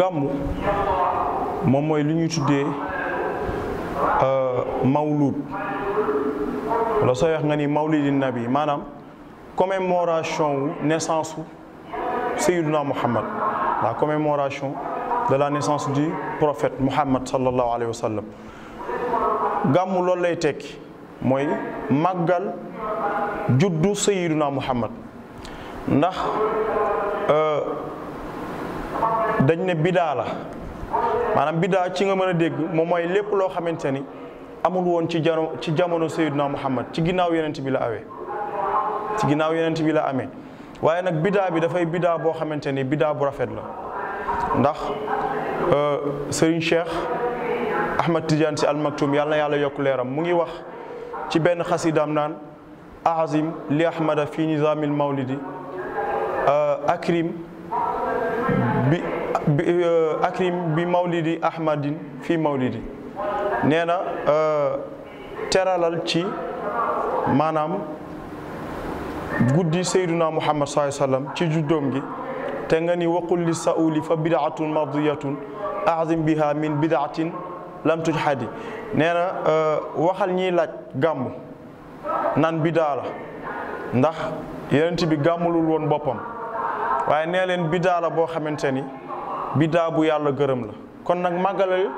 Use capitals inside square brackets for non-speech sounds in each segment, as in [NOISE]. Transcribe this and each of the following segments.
gamu moom moy li tuddé euh mauloud wala soy wax nga ni mawlidi nabi manam commémoration naissance sayyiduna Muhammad la commémoration de la naissance du prophète Muhammad sallalahu alayhi wa sallam gàmmu loolu lay tekki moy magal juddu sayyiduna Muhammad ndax. Euh, dañ ne bida la manam bida ci nga mëna dégg mo moy lépp lo xamanteni amul won ci jamono ci jamono sayyidna Muhammad ci ginaaw yonent bi la awee ci ginaaw yonent bi la amee waaye nag bidaa bi da fay bida bo xamanteni bida bu rafet la ndax euh Serigne Cheikh Ahmad Tidiane ci al maktoum yàlla yàlla yok leeram mu ngi wax ci ben xasidaam nan ahazim li ahmada fi nizaamil mawlidi akrim akrim bi mawlidi ahmadin fii mawlidi nee na teralal ci maanaam guddi sayduna muhammad saai sallam ci juddoom gi te nga ni waqul li sauli fa bidaatun madiyatun azim biha min bid'atin lam tuj xadi nee na waxal ñiy laaj gàmm nan bidaa la ndax yonent bi gàmmulul woon boppam waaye nee leen bidaa la biddaa bu yàlla gërëm la kon nag màggalal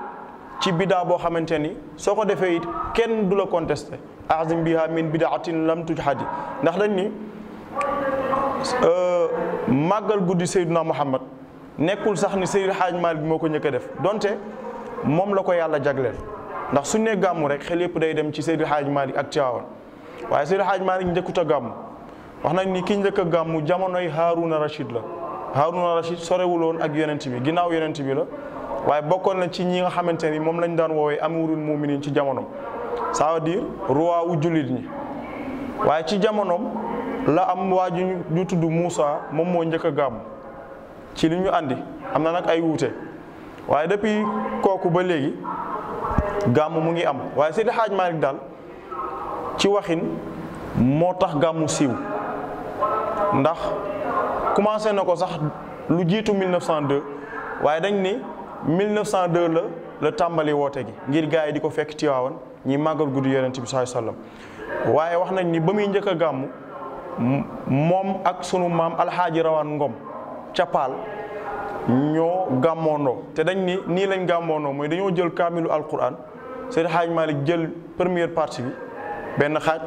ci biddaa boo xamante ni soo ko defee it kenn du la contesté azim biha min bidaatin lam tujhadi ndax dañ ni euh, màggal guddi Seydina Muhammad nekkul sax ni Seydi Xaaj Maalik moo ko njëkk a def donte moom la ko yàlla jagleel ndax suñ ne gàmmu rek xel yëpp day dem ci Seydi Xaaj Maalik ak Tiwaawan waaye Seydi Xaaj Maalik njëkkut a gàmmu wax nañ ni ki njëkk a gàmmu jamonoy Haaruna Rachid la Haaruna Rachid sorewuloon ak yenent bi ginnaaw yonent bi la waaye bokkoon na ci ñi nga xamante ni moom lañu daan woowee amirul muminin ci jamonoom ça veut dire roi wu jullit ñi waaye ci jamonoom la am waa ju ñu tudd muusa moom moo njëkk a gàmm ci li ñu àndi am na nag ay wuute waaye depuis kooku ba léegi gàmm mu ngi am waaye Seydi Hadj Malick daal ci waxin moo tax gàmmu siiw ndax commencé na ko sax lu jiitu 1902 waaye dañ ni 1902 la la tàmbali woote gi ngir gars yi di ko fekk Tiwaawan ñi màggal guddi yeneenti bi sallallahu alayhi wasallam waaye wax nañ ni ba muy njëkk a gàmmu moom ak sunu maam alxaaji rawaan ngom capal ñoo gàmmoondoo te dañ ni nii lañ gàmmoondoo mooy dañoo jël kaamilu alquran seen xaaj Malik jël première partie bi benn xaaj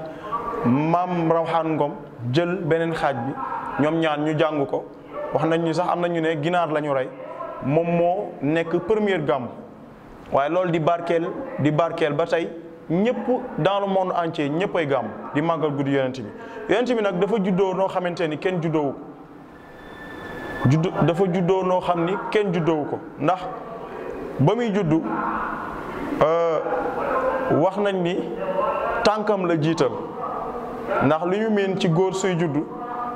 maam rawaan ngom jël beneen xaaj bi ñoom ñaan ñu jàng ko wax nañ ni sax am na ne ginaar lañu rey moom moo nekk première gàmm waaye loolu di barkeel di barkeel ba tey ñëpp dans le monde entier ñëppay gàmm di màggal guddi yonent bi yonent bi nag dafa juddoo noo xamante ni kenn juddoowu judd dafa juddoo noo xam ni kenn juddoowu ko ndax ba muy juddu euh, wax nañ ni tànkam la jiital ndax lu ñu miin ci góor suy juddu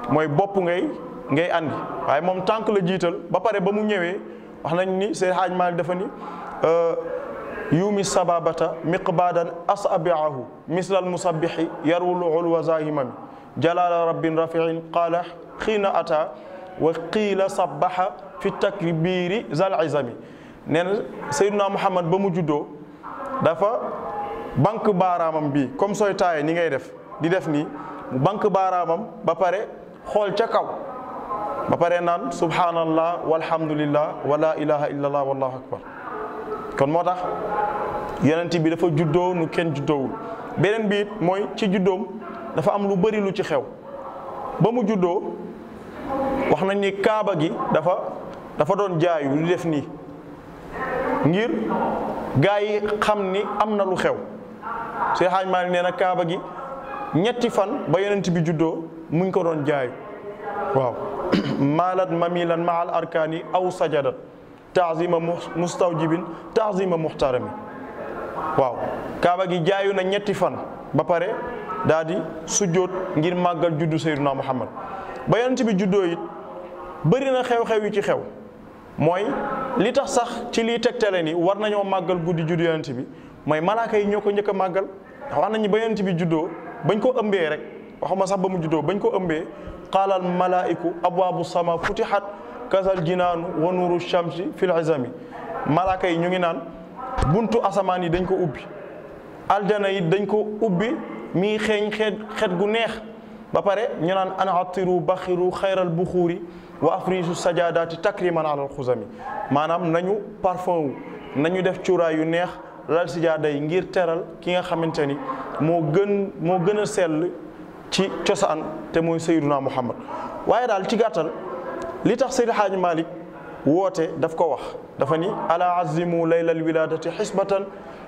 mooy bopp ngay ngay andi waaye moom tànk la jiital ba pare ba mu ñëwee wax nañ ni seen xaaj maalik dafa ni yuumi sababata miqbaadan asabiahu mislal musabixi yarwul ulwa zahimami jalaala rabbin rafiin qaala xiina ata wa qiila sabaxa fi takbiri zal izami nee na Seydina Muhammad ba mu juddoo dafa banque baaraamam bi comme sooy taaye ni ngay def di def nii banque baaraamam ba pare xool ca kaw ba pare naan subhanallah walhamdulillah wala ilaha illallah wallahu akbar kon moo tax yonent bi dafa juddoo nu kenn juddoowul beneen bii mooy ci juddoom dafa am lu bari lu ci xew ba mu juddoo wax nañ ni kaaba gi dafa dafa doon jaayu lu def nii ngir gaa yi xam ni am na lu xew Seydi Hajji Maalik nee na kaaba gi ñetti fan ba yonent bi juddoo muñ ko doon jaay waaw [CLEARS THROAT] maalat mamilan ma al arkaani aw sajadat taazima mustawjibin taazima muxtarami waaw kaaba gi jaayu na ñetti fan ba pare daa di sujjóot ngir màggal juddu sayyiduna muhammad ba yonent bi juddoo it bëri na xew-xew yi ci xew mooy li tax sax ci liy tegtale ni war nañoo màggal guddi juddu bi mooy malaaka yi ñëw ko njëkk a màggal wax nañu ba yonent bi juddoo bañ ko ëmbee rek waxuma sax ba mu juddoo bañ ko ëmbee qaalal malaa'iku abwaabu sama futihat kasal jinaanu wa nuuru shamsi fil izami malaaka yi ñu ngi naan buntu asamaan yi dañ ko ubbi aljana yi dañ ko ubbi mii xeeñ xeet xet gu neex ba pare ñu naan an atiru baxiru xayral buxuuri wa afrisu sajadaati takriman alal xusami maanaam nañu parfum wu nañu def cuuraay yu neex lal sijaada yi ngir teral ki nga xamante ni moo gën moo gën a sell ci cosaan te mooy sayyiduna muhammad waaye daal ci gàttal li tax Seydi Haaji Malik woote daf ko wax dafa ni ala azimu laylal wiladati xisbatan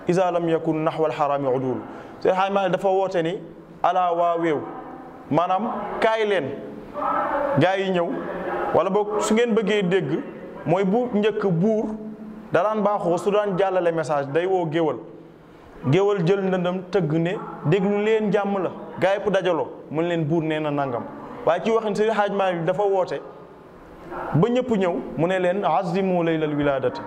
isa lam yakun naxwal xaraami udul Seydi Haaji dafa woote ni ala waa weew maanaam kaay leen gaa yi ñëw wala boog su ngeen bëggee dégg mooy bu njëkk buur daraan baaxoo su daan jàllale message day woo géwal géwal jël ndëndam tëgg ne déglu leen jàmm la gaa yëpp dajaloo mën leen buur nee na nangam waaye ci waxin Seydi Hajj Maalik dafa woote ba ñëpp ñëw mu ne leen azimu laylal wilaadati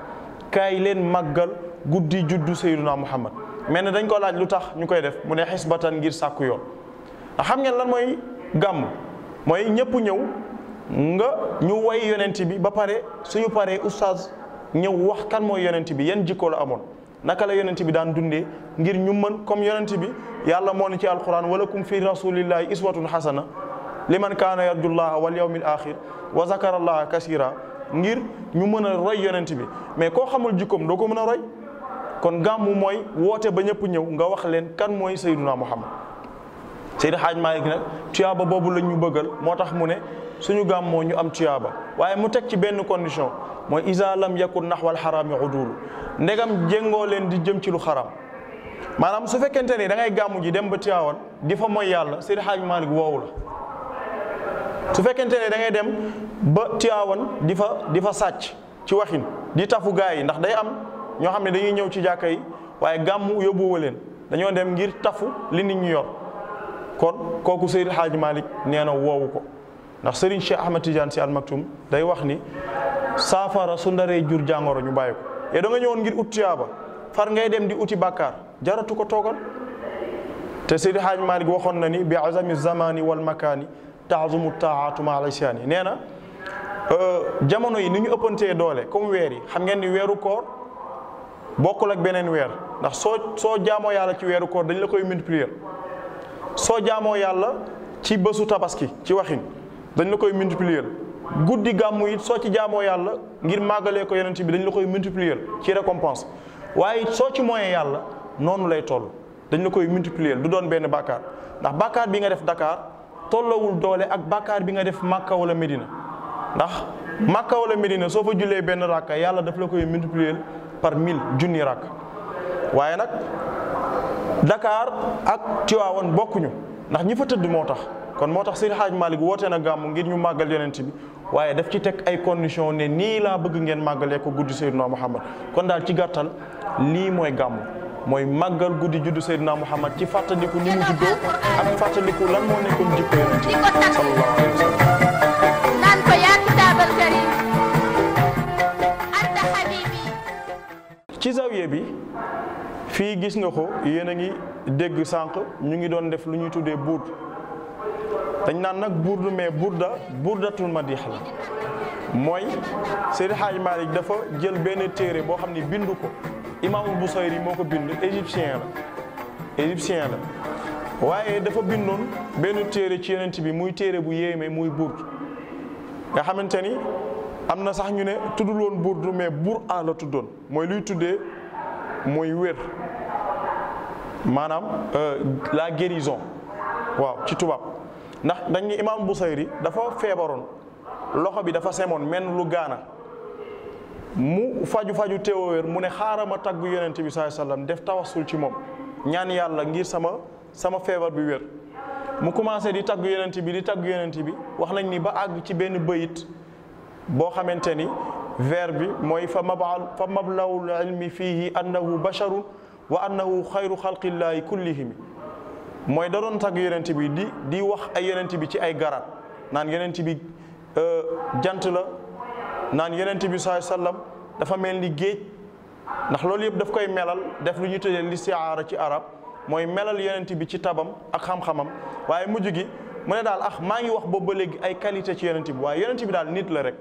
yi leen màggal guddi juddu Seydina Muhammad mais ne dañ ko laaj lu tax ñu koy def mu ne xisbatan ngir sàkku yoon xam ngeen lan mooy gàmm mooy ñëpp ñëw nga ñu woy yonent bi ba pare suñu paree oustaz ñëw wax kan mooy yonent bi yan jikko la amoon naka la yonenti bi daan dundé ngir ñu mën comme yonenti bi yàlla mo ni ci alquran walakum fi rasulillahi iswatun hasana liman kaana yarjullaha wal yawmil akhir wa zakara zakarallaha kaseera ngir ñu mëna roy yonenti bi mais ko xamul jukum do ko mëna roy kon gamu moy wote ba ñëpp ñëw nga wax len kan moy sayyiduna muhammad Seydi Xaaj Maalik nag tuyaaba boobu lañ ñu bëggal moo tax mu ne suñu gàmmoo ñu am tuyaaba waaye mu teg ci benn condition mooy isa lam yakun naxwal xaraami udulu ndegam jéngoo leen di jëm ci lu xaram maanaam su fekkente ni da ngay gàmmu ji dem ba Tiwaawan di fa mooy yàlla Seydi Xaaj Maalik woowu su fekkente ne da ngay dem ba Tiwaawan di fa di fa sàcc ci waxin di tafu gaay yi ndax day am ñoo xam ne dañuy ñëw ci jàkka yi waaye gàmmu yóbbuwa leen dañoo dem ngir tafu li nit ñu yor kon kooku Seydi Hadj malik nee na woowu ko ndax Serigne Cheikh Ahmed Tidiane Sy Al day wax ni saafara su ndaree jur jàngoro ñu bàyyi ko. yow nga ñëwoon ngir ut tuyaaba far ngay dem di uti bàkkaar jaratu ko toogal te Seydi Hadj Malick waxoon na ni bi azami zamani wal makaani taazumu taaatu ma alaysiani nee na euh, jamono yi ni ñu ëppantee doole comme weer yi xam ngeen ni weeru koor bokkul ak beneen weer ndax soo soo jaamoo yàlla ci weeru koor dañ la koy multiplier soo jaamoo yàlla ci bësu tabaski ci waxin dañ la koy multiplier guddi gàmmu it soo ci jaamoo yàlla ngir màggalee ko yonent bi dañ la koy multiplier ci récompense waaye soo ci moyee yàlla noonu lay toll dañ la koy multiplier du doon benn bàkkaar ndax bàkkaar bi nga def dakaar tollawul doole ak bàkkaar bi nga def Màkka wala Medina ndax Màkka wala Medina soo fa jullee benn rakka yàlla daf la koy multiplier par mille junni rakk waaye nag Dakar ak Tiwaawan bokkuñu ndax ñi fa tëdd moo tax kon moo tax Seydi xaaj Malick woote na gàmmu ngir ñu màggal yonent bi waaye daf ci teg ay condition ne nii laa bëgg ngeen màggalee ko guddi Seydina Muhammad kon daal ci gàttal lii mooy gàmmu mooy màggal guddi juddu Seydina Muhammad ci fàttaliku ni mu juddoo ak fàttaliku lan moo nekkoon jikko yonent bi sallallahu alayhi ko yaa kitaabal karim anta ci zawiya bi fii gis nga ko yéen a ngi dégg sànq ñu ngi doon def lu ñuy tuddee burd dañ naan nag burdu mais burda burdatul madix la mooy Seydi Hajji yi dafa jël benn téere boo xam ne bindu ko imaamul Busayri moo ko bind égyptien la égyptien la waaye dafa bindoon benn téere ci yonent bi muy téere bu yéeme muy burd nga xamante ni am na sax ñu ne tuddul woon burdu mais bur a tuddoon mooy luy tuddee muy wér maanaam euh, la guérison waaw ci tubaab ndax dañ ni imaam Busayri dafa feebaroon loxo bi dafa semoon men lu gaana mu faju faju teewoo wér mu ne xaaral ma tagg yonent bi sallallahu alayhi wasallam def tawassul ci moom ñaan yàlla ngir sama sama feebar bi wér mu commencé di tagg yonent bi di tagg yonent bi wax nañ ni ba àgg ci benn bayit boo xamante ni verbe bi mooy fa mabal fa mablawul ilmi fiihi annahu basharun wa annahu xayru xalqillaahi kullihim mooy da doon tag yonent bi di di wax ay yonent bi ci ay garaat naan yonent bi jant la naan yonent bi saai sallam dafa mel ni géej ndax loolu yëpp daf koy melal def lu ñu tuddee listiaara ci arab mooy melal yonent bi ci tabam ak xam-xamam waaye mujj gi mu ne daal ah maa ngi wax boobu ba léegi ay qualité ci yonent bi waaye yonent bi daal nit la rek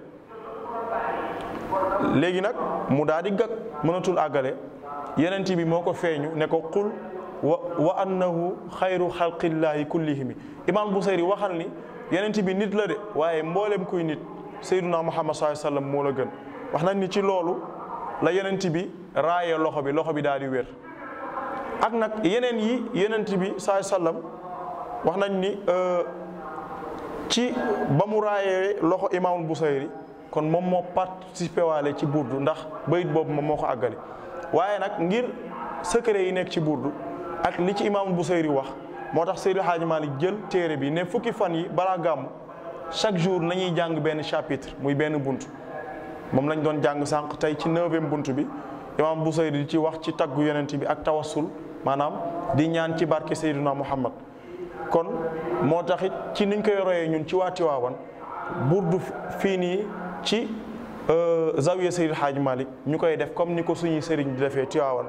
léegi nag mu daal di gag mënatul àggale yenent bi moo ko feeñu ne ko qul wa wa annahu xayru xalqillaahi kullihimi imam Busayri waxal ni yenent bi nit la de waaye mboolem kuy nit sayyiduna Muhammad sallallahu alayhi moo la gën wax nañ ni ci loolu la yenent bi raaye loxo bi loxo bi daal di wér ak nag yeneen yi yenent bi sallallahu alayhi wax nañ ni euh, ci ba mu raayee loxo imaamul Busayri kon moom moo participé waale ci burdu ndax bayit boobu moom moo ko àggale waaye nag ngir secret yi nekk ci burdu ak li ci imaamu Busayri wax moo tax Seydi Hadji jël téere bi ne fukki fan yi balaa gàmm chaque jour nañuy jàng benn chapitre muy benn bunt moom lañ doon jàng sànq tey ci neuvième bunt bi imaam Busayri di ci wax ci taggu yonent bi ak tawassul maanaam di ñaan ci barke Seydina Muhammad kon moo taxit ci niñ koy royee ñun ci waa Tiwaawan burdu ci euh, zawiya Seydil Hadj Malick ñu koy def comme ni ko suñuy sëriñ di defee Tiwaawan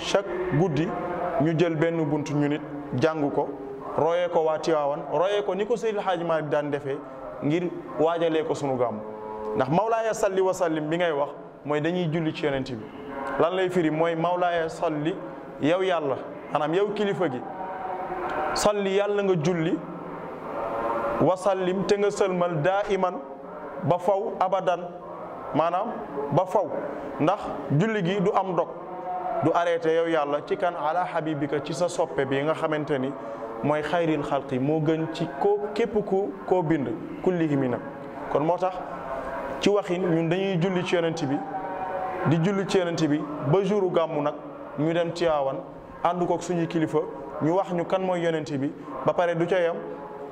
chaque guddi ñu jël benn bunt ñu nit jàng ko royee ko waa Tiwaawan royee ko ni ko Seydil Hadj Malick daan defee ngir waajalee ko sunu gàmm ndax mawlaaya salli wa sallim bi ngay wax mooy dañuy julli ci yonent bi lan lay firi mooy mawlaaya salli yow yàlla maanaam yow kilifa gi salli yàlla nga julli wa sallim te nga sëlmal daa iman ba faw abadan maanaam ba faw ndax julli gi du am dog du arrêté yow yàlla ci kan ala habibika ci sa soppe bi nga xamante ni mooy xayril xalqi moo gën ci ko képp ku ko bind kullihimi nag kon moo tax ci waxin ñun dañuy julli ci yonent bi di julli ci yonent bi ba jouru gàmmu nag ñu dem Tiwaawan ànd kook suñu kilifa ñu wax ñu kan mooy yenenti bi ba pare du ca yam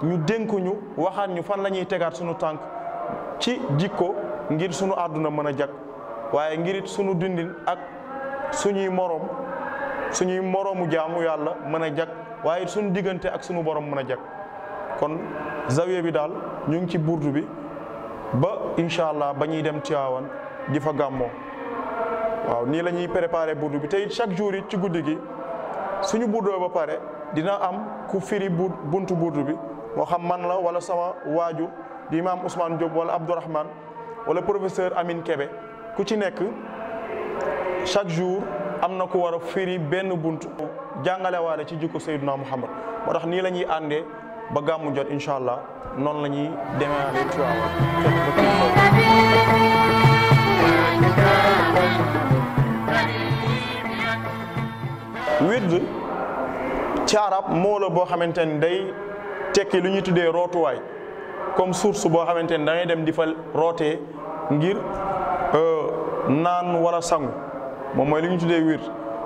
ñu dénku waxaat ñu fan la ñuy tegaat suñu tànk ci jikko ngir sunu àdduna mën a jag waaye ngir it sunu dundin ak suñuy moroom suñuy moroomu jaamu yàlla mën a jag waaye it sunu diggante ak sunu borom mën a jag kon zawiya bi daal ñu ngi ci burdu bi ba incha allah ba ñuy dem Tiwaawan di fa gàmmoo waaw nii lañuy ñuy préparé bi te chaque jour yi ci guddi gi suñu burdoo ba pare dina am ku firi buntu burdu bi moo xam man la wala sama waaju di imaam Ousmane Diop wala Abdourahman wala professeur amin Kebe ku ci nekk chaque jour am na ku war a firi benn bunt jàngalewaale ci jikko Seydina Muhammad moo tax nii la ñuy àndee ba gàmmu jot incha allah noonu la ñuy demee Tiwaawan wird ci moo la boo xamante ni day tekki lu ñuy tuddee rootuwaay comme source que xamantene ne da ngay dem roté ngir ngir euh, nan wala sangu mom moy dit tuddé wir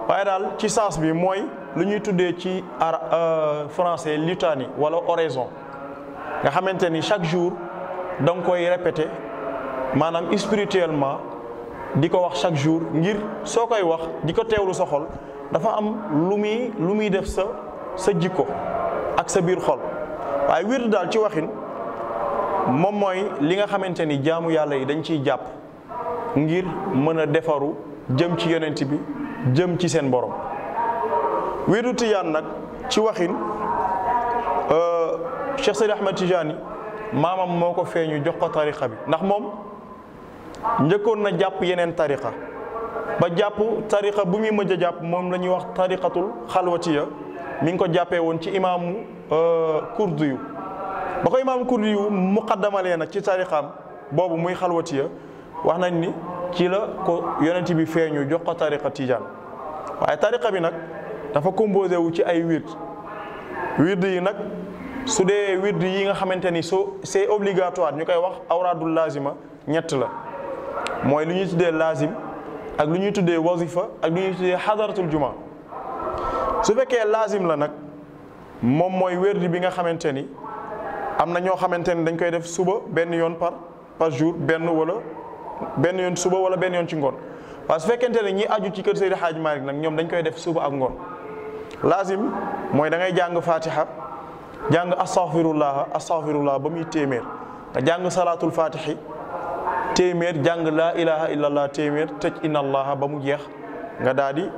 waaye dal ci sens bi moy tuddé ci euh, français litanie wala oraison nga chaque jour dang koy répéter spirituellement chaque jour ngir wax diko tewlu xol dafa am Lumi, lumi def sa sa ak moom mooy li nga xamante ni jaamu yàlla yi dañ ciy jàpp ngir mën a defaru jëm ci yonent bi jëm ci seen borom wéeru tijaan nag ci waxin euh, Cheikh Seydi Ahmed Tijaani maamam moo ko feeñu jox ko tariqa bi ndax moom njëkkoon na jàpp yeneen tariqa ba jàpp tariqa bu muy mëj a jàpp moom la ñuy wax tariqatul xalwatiya mi ngi ko jàppee woon ci imaamu euh, kurdu yu ba koy imaam Kurdi yu muqaddamalee nag ci tariqaam boobu muy xalwatiya wax nañ ni ci la ko yonent bi feeñu jox ko tariqa tijaan waaye tariqa bi nag dafa composé wu ci ay wird wird yi nag su dee wird yi nga xamante ni soo c'est obligatoire ñu koy wax awraadul lazima ñett la mooy lu ñuy tuddee lazim ak lu ñuy tuddee wazifa ak lu ñuy tuddee xadaratul juma su fekkee lazim la nag moom mooy wird bi nga xamante ni am na ñoo xamante ne dañ koy def suba benn yoon par par jour benn wala benn yoon suba wala benn yoon ci ngoon waaye su fekkente ne ñi aju ci kër xaaj maa Malick nag ñoom dañ koy def suba ak ngoon laazim mooy da ngay jàng fatiha jàng astaghfirullah astaghfirullah ba muy téeméer nga jàng salaatul fatihi téeméer jàng laa ilaha illallah téeméer tëj ba mu jeex nga daal di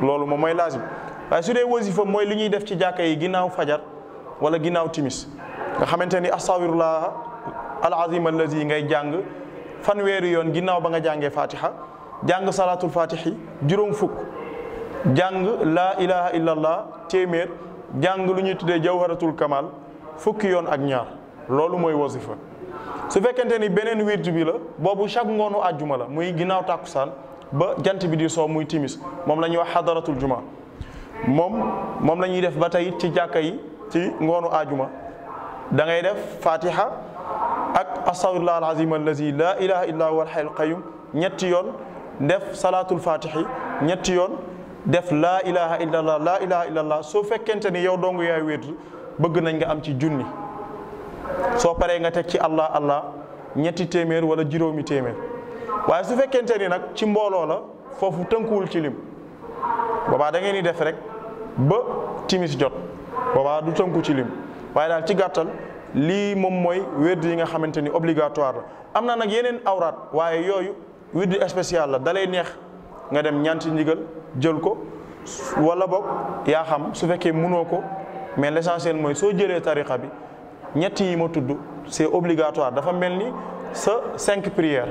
loolu moom mooy laazim waaye su dee wasifa mooy li ñuy def ci jàkka yi ginnaaw fajar wala ginnaaw timis nga xamante ni astawirullah al azim allazi ngay jàng fanweeri yoon ginnaaw ba nga jàngee fatiha jàng salaatul fatihi juróom fukk jàng laa ilaha illallah téeméer jàng lu ñuy tuddee jawharatul kamal fukki yoon ak ñaar loolu mooy wasifa su fekkente ni beneen wird bi la boobu chaque ngoonu àjjuma la muy ginnaaw tàkkusaan ba jant bi di soo muy timis moom la ñuy wax xadaratul juma moom moom la def ba tey ci jàkka yi ci ngoonu àjjuma da ngay def fatiha ak astaghfirullah alazim allazi la ilaha illa huwa alhayyul qayyum ñetti yoon def salaatul fatihi ñetti yoon def laa ilaha illallah laa ilaha illallah soo fekkente ni yow dong yaay wéet bëgg nañ nga am ci junni soo paree nga teg ci allah allah ñetti téeméer wala juróomi téeméer waaye su fekkente ni nag ci mbooloo la foofu tënkuwul ci lim boobaa da ngeen di def rek ba timis jot boobaa du tënku ci lim waaye daal ci gàttal lii moom mooy wedd yi nga xamante ni obligatoire la am na nag yeneen awraat waaye yooyu wérdi spécial la dalay neex nga dem ñanti ci ndigal jël ko wala boog yaa xam su fekkee mënoo ko mais l'essentiel mooy soo jëlee tariqa bi ñetti yi ma tudd c'est obligatoire dafa mel ni sa cinq prières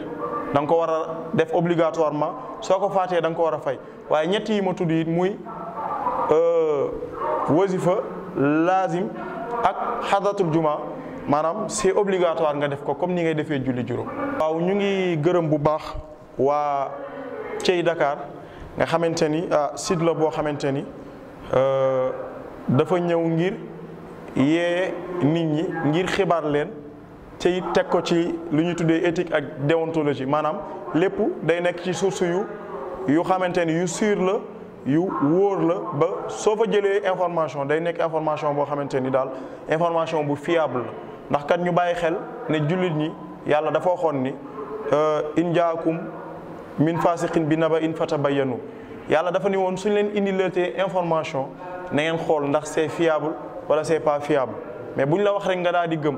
danga ko war a def obligatoirement soo ko faatee da nga ko war a fay waaye ñett yi ma tudd it muy euh, wasifa lazim ak xadatul juma maanaam c'est obligatoire nga def ko comme ni ngay defee julli juróom. waaw ñu ngi gërëm bu baax waa cey dakaar nga xamante ni ah la boo xamante ni euh, dafa ñëw ngir yee nit ñi ngir xibaar leen te teg ko ci lu ñuy tuddee éthique ak déontologie maanaam lépp day nekk ci source yu yu xamante ni yu sûr la. yu wóor la ba soo fa jëlee information day nekk information boo xamante ni daal information bu fiable ndax kat ñu bàyyi xel ne jullit ñi yàlla dafa waxoon ni euh, in jaakum min fasiqin bi na naba in fatabayyanu yàlla dafa ni woon suñ leen indi leetee information na ngeen xool ndax c'est fiable wala c'est pas fiable mais buñ la wax rek nga daal di gëm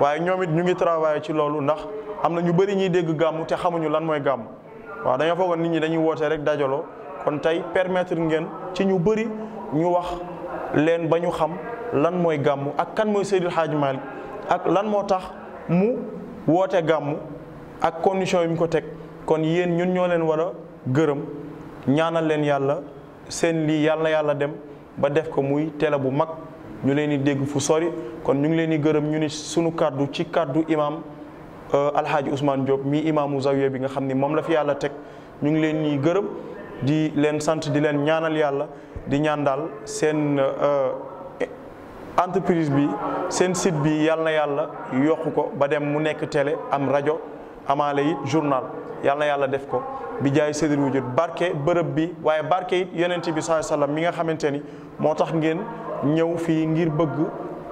waaye ñoom it ñu ngi travailler ci loolu ndax am na ñu bëri ñii dégg gàmmu te xamuñu lan mooy gàmm waaw dañoo foogoon nit ñi dañuy woote rek dajaloo kon tey permettre ngeen ci ñu bëri ñu wax leen ba ñu xam lan mooy gàmmu ak kan mooy Seydil Hadji Malick ak lan moo tax mu woote gàmmu ak condition yi ko teg kon yéen ñun ñoo leen war a gërëm ñaanal leen yàlla seen lii yàlla yàlla dem ba def ko muy télé bu mag ñu leen di dégg fu sori kon ñu ngi leen di gërëm ñu ni sunu kàddu ci kàddu imam euh, Alhaaji Ousmane Diop mii imaamu zawiya bi nga xam ni moom la fi yàlla teg ñu ngi leen di gërëm di leen sant di leen ñaanal yàlla di ñaan daal seen euh, entreprise bi seen sit bi yàlla na yàlla yokk ko ba dem mu nekk télé am rajo amaale it journal yàlla yàlla def ko bi jaay séddal wujud barke bërëb bi waaye barke it yonent bi sallallahu alayhi wasallam mi nga xamante ni moo tax ngeen ñëw fii ngir bëgg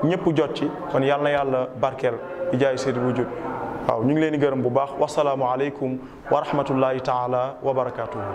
ñëpp jot ci kon yàlla yàlla barkeel bi jaay séddal wujud waaw ñu ngi leen di gërëm bu baax wasalaamu aleykum wa rahmatullahi taala wa barakaatuhu